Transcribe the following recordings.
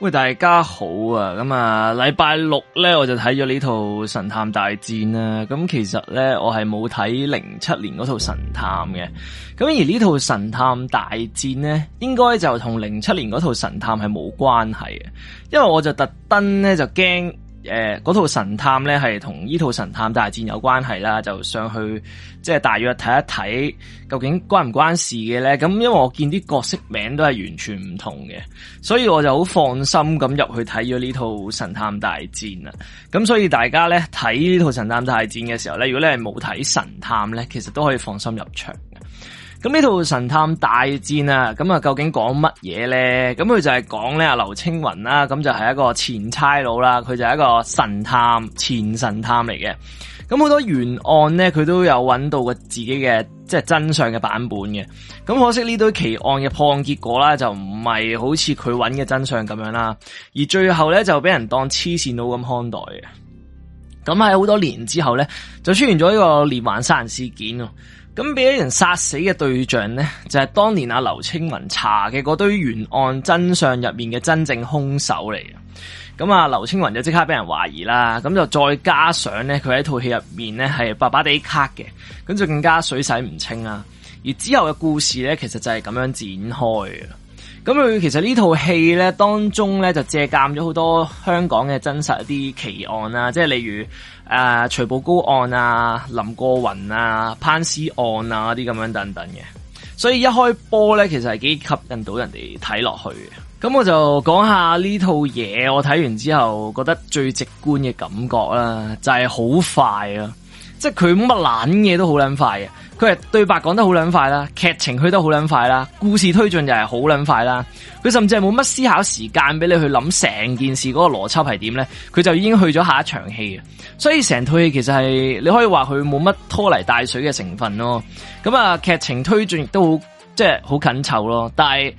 喂，大家好啊！咁啊，禮拜六咧我就睇咗呢套《神探大戰》啦。咁其實咧，我係冇睇零七年嗰套《神探》嘅。咁而呢套《神探大戰》咧，應該就同零七年嗰套《神探》係冇關係嘅，因為我就特登咧就驚。誒，嗰套神探咧係同呢套神探大戰有關係啦，就上去即係大約睇一睇，究竟關唔關事嘅咧？咁因為我見啲角色名都係完全唔同嘅，所以我就好放心咁入去睇咗呢套神探大戰啦。咁所以大家咧睇呢套神探大戰嘅時候咧，如果你係冇睇神探咧，其實都可以放心入場嘅。咁呢套神探大戰啊，咁啊究竟講乜嘢咧？咁佢就係講咧，阿劉青雲啦，咁就係一個前差佬啦，佢就係一個神探，前神探嚟嘅。咁好多懸案咧，佢都有揾到個自己嘅即係真相嘅版本嘅。咁可惜呢堆奇案嘅破案結果啦，就唔係好似佢揾嘅真相咁樣啦。而最後咧就俾人當黐綫佬咁看待嘅。咁喺好多年之後咧，就出現咗呢個連環殺人事件。咁俾啲人殺死嘅對象呢，就係當年阿劉青雲查嘅嗰堆懸案真相入面嘅真正兇手嚟嘅。咁啊，劉青雲就即刻俾人懷疑啦。咁就再加上呢，佢喺套戲入面呢係白白地卡嘅，咁就更加水洗唔清啦。而之後嘅故事呢，其實就係咁樣展開。咁佢其實呢套戲咧當中咧就借鑒咗好多香港嘅真實一啲奇案啊，即係例如誒徐步高案啊、林過雲啊、烹屍案啊啲咁樣等等嘅，所以一開波咧其實係幾吸引到人哋睇落去嘅。咁我就講下呢套嘢，我睇完之後覺得最直觀嘅感覺啦，就係好快啊！即係佢冇乜懶嘢都好撚快嘅，佢係對白講得好撚快啦，劇情去得好撚快啦，故事推進又係好撚快啦，佢甚至係冇乜思考時間俾你去諗成件事嗰個邏輯係點咧，佢就已經去咗下一場戲嘅，所以成套戲其實係你可以話佢冇乜拖泥帶水嘅成分咯，咁啊劇情推進亦都好即係好緊湊咯，但係。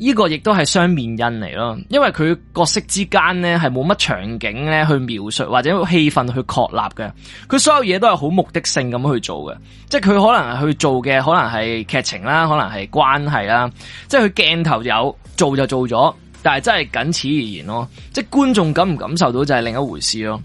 呢個亦都係雙面印嚟咯，因為佢角色之間呢係冇乜場景咧去描述或者氣氛去確立嘅，佢所有嘢都係好目的性咁去做嘅，即係佢可能去做嘅可能係劇情啦，可能係關係啦，即係佢鏡頭有做就做咗，但係真係僅此而言咯，即係觀眾感唔感受到就係另一回事咯。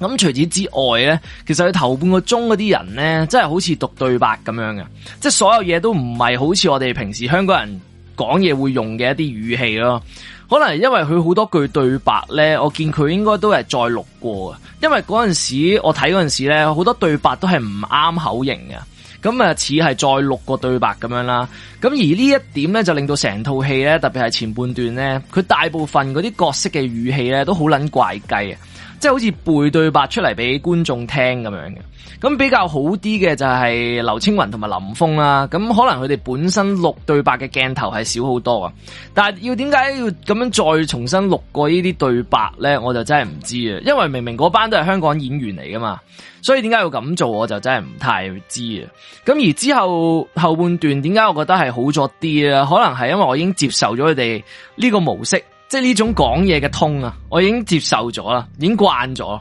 咁除此之外呢，其實佢頭半個鐘嗰啲人呢，真係好似讀對白咁樣嘅，即係所有嘢都唔係好似我哋平時香港人，講嘢會用嘅一啲語氣咯，可能因為佢好多句對白呢，我見佢應該都係再錄過，因為嗰陣時我睇嗰陣時呢，好多對白都係唔啱口型嘅，咁啊似係再錄過對白咁樣啦，咁而呢一點呢，就令到成套戲呢，特別係前半段呢，佢大部分嗰啲角色嘅語氣呢，都好撚怪雞。即係好似背對白出嚟俾觀眾聽咁樣嘅，咁比較好啲嘅就係劉青雲同埋林峰啦、啊。咁可能佢哋本身錄對白嘅鏡頭係少好多啊，但係要點解要咁樣再重新錄過呢啲對白呢？我就真係唔知啊，因為明明嗰班都係香港演員嚟噶嘛，所以點解要咁做？我就真係唔太知啊。咁而之後後半段點解我覺得係好咗啲啊？可能係因為我已經接受咗佢哋呢個模式。即係呢種講嘢嘅通啊，我已經接受咗啦，已經慣咗。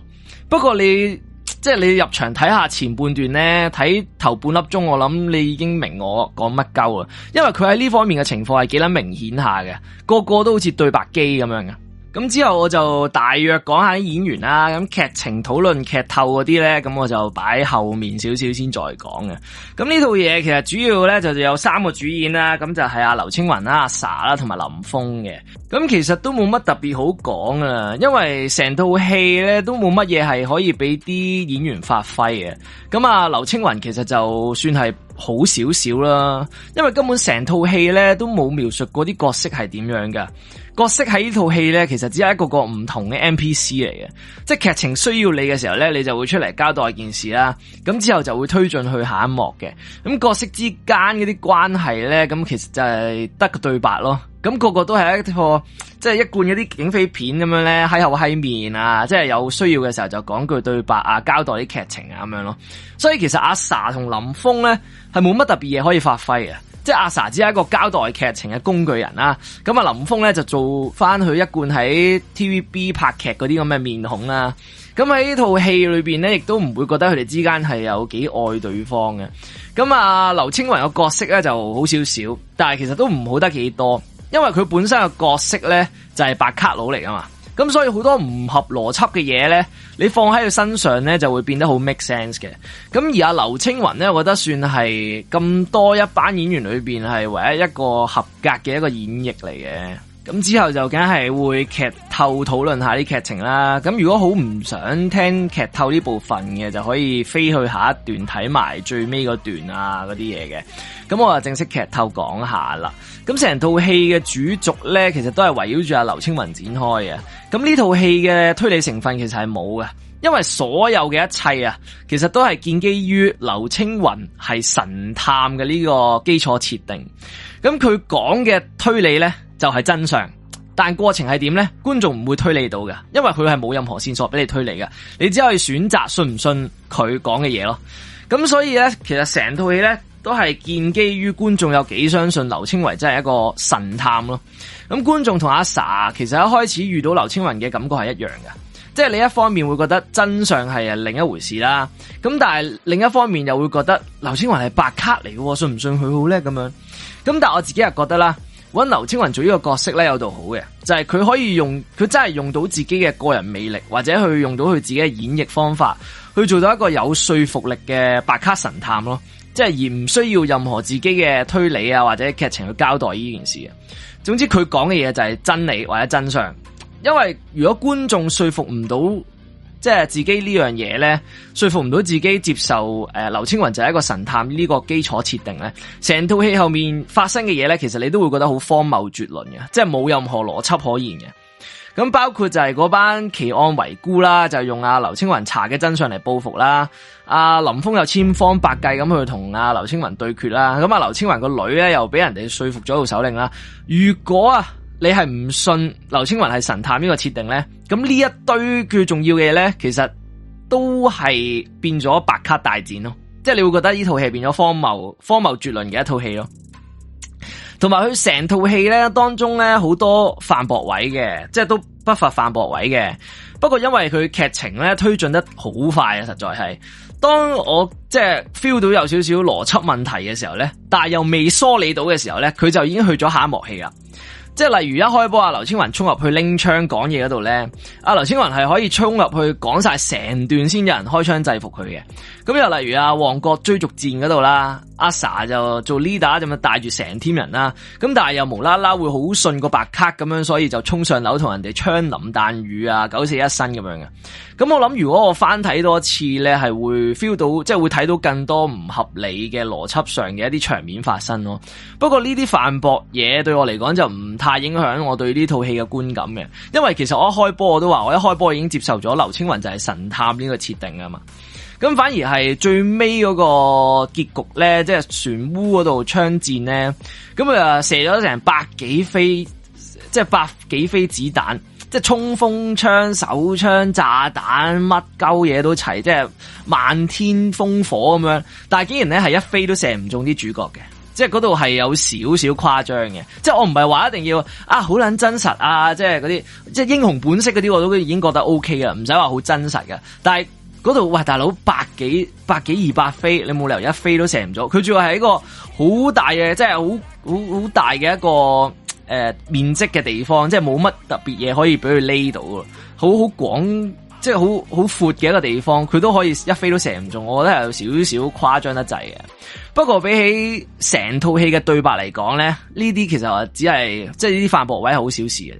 不過你即係你入場睇下前半段咧，睇頭半粒鐘，我諗你已經明我講乜鳩啊，因為佢喺呢方面嘅情況係幾撚明顯下嘅，個個都好似對白機咁樣嘅。咁之後我就大約講下啲演員啦，咁劇情討論劇透嗰啲呢，咁我就擺後面少少先再講嘅。咁呢套嘢其實主要呢，就有三個主演啦，咁就係阿劉青雲啦、阿 Sa 啦同埋林峰嘅。咁其實都冇乜特別好講啊，因為成套戲呢都冇乜嘢係可以俾啲演員發揮嘅。咁啊，劉青雲其實就算係好少少啦，因為根本成套戲呢都冇描述嗰啲角色係點樣㗎。角色喺呢套戲呢，其實只係一個個唔同嘅 NPC 嚟嘅，即係劇情需要你嘅時候呢，你就會出嚟交代一件事啦。咁之後就會推進去下一幕嘅。咁角色之間嗰啲關係呢，咁其實就係得個對白咯。咁個個都係一個即係、就是、一貫一啲警匪片咁樣呢，喺後喺面啊，即係有需要嘅時候就講句對白啊，交代啲劇情啊咁樣咯。所以其實阿 Sa 同林峰呢，係冇乜特別嘢可以發揮嘅。即係阿 sa 只係一個交代劇情嘅工具人啦，咁啊林峰咧，就做翻佢一貫喺 TVB 拍劇嗰啲咁嘅面孔啦，咁喺呢套戲裏邊咧，亦都唔會覺得佢哋之間係有幾愛對方嘅，咁啊劉青雲個角色咧，就好少少，但係其實都唔好得幾多，因為佢本身嘅角色咧就係白卡佬嚟，啊嘛。咁所以好多唔合邏輯嘅嘢呢，你放喺佢身上呢，就會變得好 make sense 嘅。咁而阿劉青雲呢，我覺得算係咁多一班演員裏面係唯一一個合格嘅一個演繹嚟嘅。咁之後就梗係會劇透討論下啲劇情啦。咁如果好唔想聽劇透呢部分嘅，就可以飛去下一段睇埋最尾嗰段啊嗰啲嘢嘅。咁我就正式劇透講下啦。咁成套戲嘅主軸呢，其實都係圍繞住阿劉青雲展開嘅。咁呢套戲嘅推理成分其實係冇嘅，因為所有嘅一切啊，其實都係建基於劉青雲係神探嘅呢個基礎設定。咁佢講嘅推理呢。就係真相，但過程係點呢？觀眾唔會推理到嘅，因為佢係冇任何線索俾你推理嘅。你只可以選擇信唔信佢講嘅嘢咯。咁所以呢，其實成套戲呢，都係建基於觀眾有幾相信劉青雲真係一個神探咯。咁觀眾同阿 Sa 其實一開始遇到劉青雲嘅感覺係一樣嘅，即係你一方面會覺得真相係另一回事啦。咁但係另一方面又會覺得劉青雲係白卡嚟，信唔信佢好咧？咁樣咁但係我自己又覺得啦。搵劉青雲做呢個角色咧，有度好嘅，就係佢可以用佢真係用到自己嘅個人魅力，或者去用到佢自己嘅演繹方法，去做到一個有說服力嘅白卡神探咯。即係而唔需要任何自己嘅推理啊，或者劇情去交代呢件事。總之佢講嘅嘢，就係真理或者真相，因為如果觀眾說服唔到。即係自己呢樣嘢，呢說服唔到自己接受。誒、呃，劉青雲就係一個神探呢個基礎設定呢，成套戲後面發生嘅嘢呢，其實你都會覺得好荒謬絕倫嘅，即係冇任何邏輯可言嘅。咁包括就係嗰班奇案遺孤啦，就是、用阿劉青雲查嘅真相嚟報復啦。阿、啊、林峰又千方百計咁去同阿劉青雲對決啦。咁阿劉青雲個女呢，又俾人哋說服咗做首領啦。如果啊～你係唔信劉青雲係神探呢個設定呢？咁呢一堆最重要嘅嘢呢，其實都係變咗白卡大戰咯。即係你會覺得呢套戲變咗荒謬、荒謬絕倫嘅一套戲咯。同埋佢成套戲呢，當中呢好多犯駁位嘅，即係都不乏犯駁位嘅。不過因為佢劇情呢推進得好快啊，實在係當我即係 feel 到有少少邏輯問題嘅時候呢，但係又未梳理到嘅時候呢，佢就已經去咗下一幕戲啦。即係例如一開波啊，劉青雲衝入去拎槍講嘢嗰度咧，阿劉青雲係可以衝入去講曬成段先有人開槍制服佢嘅。咁又例如啊，旺角追逐戰嗰度啦，阿 Sa 就做 leader 就咁帶住成 team 人啦，咁但係又無啦啦會好順個白卡咁樣，所以就衝上樓同人哋槍林彈雨啊，九死一生咁樣嘅。咁我諗如果我翻睇多次咧，係會 feel 到即係、就是、會睇到更多唔合理嘅邏輯上嘅一啲場面發生咯。不過呢啲反駁嘢對我嚟講就唔太影響我對呢套戲嘅觀感嘅，因為其實我一開波我都話，我一開波已經接受咗劉青雲就係神探呢個設定啊嘛。咁反而係最尾嗰個結局咧，即係船塢嗰度槍戰咧，咁啊射咗成百幾飛，即係百幾飛子彈，即係衝鋒槍、手槍、炸彈、乜鳩嘢都齊，即係漫天烽火咁樣。但係竟然咧係一飛都射唔中啲主角嘅。即係嗰度係有少少誇張嘅，即係我唔係話一定要啊好撚真實啊，即係嗰啲即係英雄本色嗰啲我都已經覺得 OK 啦，唔使話好真實㗎。但係嗰度喂，大佬，百幾百幾二百飛，你冇理由一飛都射唔咗。佢仲要係一個好大嘅，即係好好好大嘅一個誒、呃、面積嘅地方，即係冇乜特別嘢可以俾佢匿到啊，好好廣。即係好好闊嘅一個地方，佢都可以一飛都射唔中，我覺得係有少少誇張得滯嘅。不過比起成套戲嘅對白嚟講咧，呢啲其實話，只係即係啲反駁位係好小事嘅。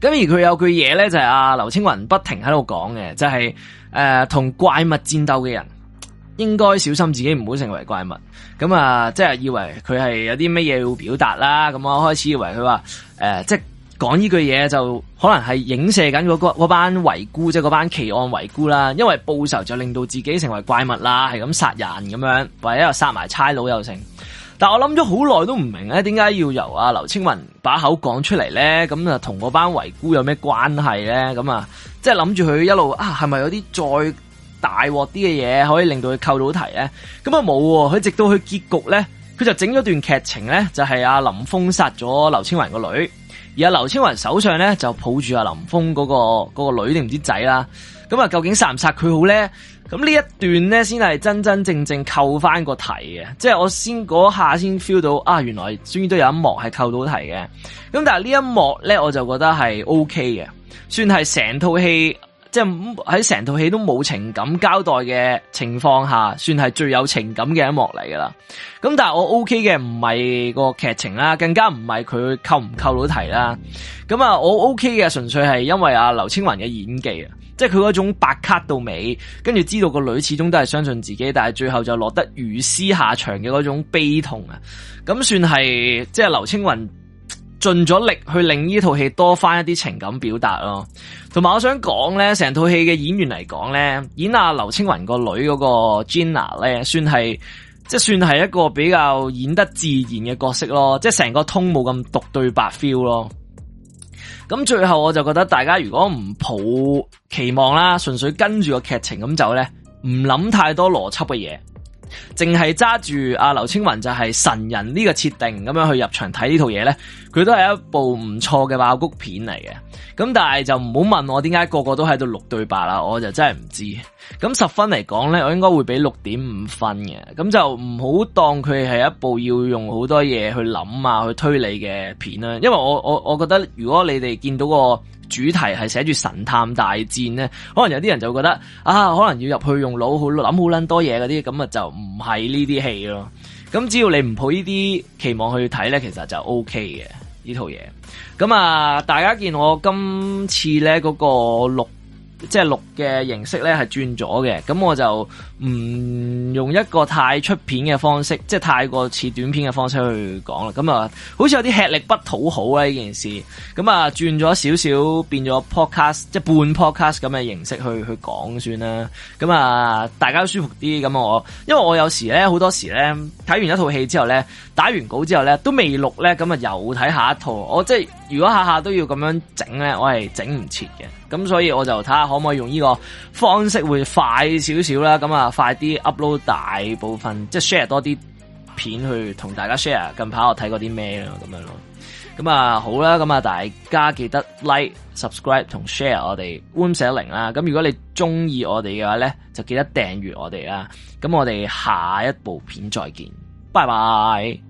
咁，而佢有句嘢咧，就係阿劉青雲不停喺度講嘅，就係誒，同怪物戰鬥嘅人應該小心自己唔好成為怪物。咁啊，即係以為佢係有啲咩嘢要表達啦。咁我開始以為佢話誒即。講呢句嘢就可能係影射緊嗰班遺孤，即係嗰班奇案遺孤啦，因為報仇就令到自己成為怪物啦，係咁殺人咁樣，或者又殺埋差佬又成。但我諗咗好耐都唔明咧，點解要由劉青雲把口講出嚟咧？咁、嗯、啊，同嗰班遺孤有咩關係咧？咁啊，即係諗住佢一路啊，係咪有啲再大鑊啲嘅嘢可以令到佢扣到題咧？咁啊冇喎，佢直到佢結局咧，佢就整咗段劇情咧，就係、是、阿林峰殺咗劉青雲個女。而阿劉青雲手上咧就抱住阿林峰嗰、嗰個、嗰個女定唔知仔啦，咁啊究竟殺唔殺佢好咧？咁呢一段咧先係真真正正扣翻個題嘅，即係我先嗰下先 feel 到啊，原來終於都有一幕係扣到題嘅。咁但係呢一幕咧，我就覺得係 OK 嘅，算係成套戲。即係喺成套戲都冇情感交代嘅情況下，算係最有情感嘅一幕嚟噶啦。咁但係我 O K 嘅唔係個劇情啦，更加唔係佢扣唔扣到題啦。咁啊，我 O K 嘅純粹係因為阿劉青雲嘅演技啊，即係佢嗰種白卡到尾，跟住知道個女始終都係相信自己，但係最後就落得如斯下場嘅嗰種悲痛啊，咁算係即係劉青雲。盡咗力去令呢套戲多翻一啲情感表達咯，同埋我想講呢，成套戲嘅演員嚟講呢，演阿劉青雲個女嗰個 Jenna 呢，算係即係算係一個比較演得自然嘅角色咯，即係成個通冇咁獨對白 feel 咯。咁最後我就覺得大家如果唔抱期望啦，純粹跟住個劇情咁走呢，唔諗太多邏輯嘅嘢。淨係揸住阿劉青雲就係神人呢個設定咁樣去入場睇呢套嘢呢，佢都係一部唔錯嘅爆谷片嚟嘅。咁但係就唔好問我點解個個都喺度錄對白啦，我就真係唔知。咁十分嚟講呢，我應該會俾六點五分嘅。咁就唔好當佢係一部要用好多嘢去諗啊，去推理嘅片啦。因為我我我覺得如果你哋見到個。主題係寫住神探大戰咧，可能有啲人就覺得啊，可能要入去用腦，好諗好撚多嘢嗰啲，咁啊就唔係呢啲戲咯。咁只要你唔抱呢啲期望去睇咧，其實就 OK 嘅呢套嘢。咁啊，大家見我今次咧嗰、那個六。即係錄嘅形式咧係轉咗嘅，咁我就唔用一個太出片嘅方式，即係太過似短片嘅方式去講啦。咁啊，好似有啲吃力不討好啊呢件事。咁啊，轉咗少少，變咗 podcast，即係半 podcast 咁嘅形式去去講算啦。咁啊，大家都舒服啲。咁我，因為我有時咧，好多時咧睇完一套戲之後咧，打完稿之後咧都未錄咧，咁啊又睇下一套。我即係如果下下都要咁樣整咧，我係整唔切嘅。咁所以我就睇下。可唔可以用呢個方式會快少少啦？咁啊，快啲 upload 大部分即係 share 多啲片去同大家 share。近排我睇過啲咩咯？咁樣咯。咁啊好啦，咁啊大家記得 like、subscribe 同 share 我哋 Wingsling 啦。咁如果你中意我哋嘅話咧，就記得訂閱我哋啊。咁我哋下一部片再見，拜拜。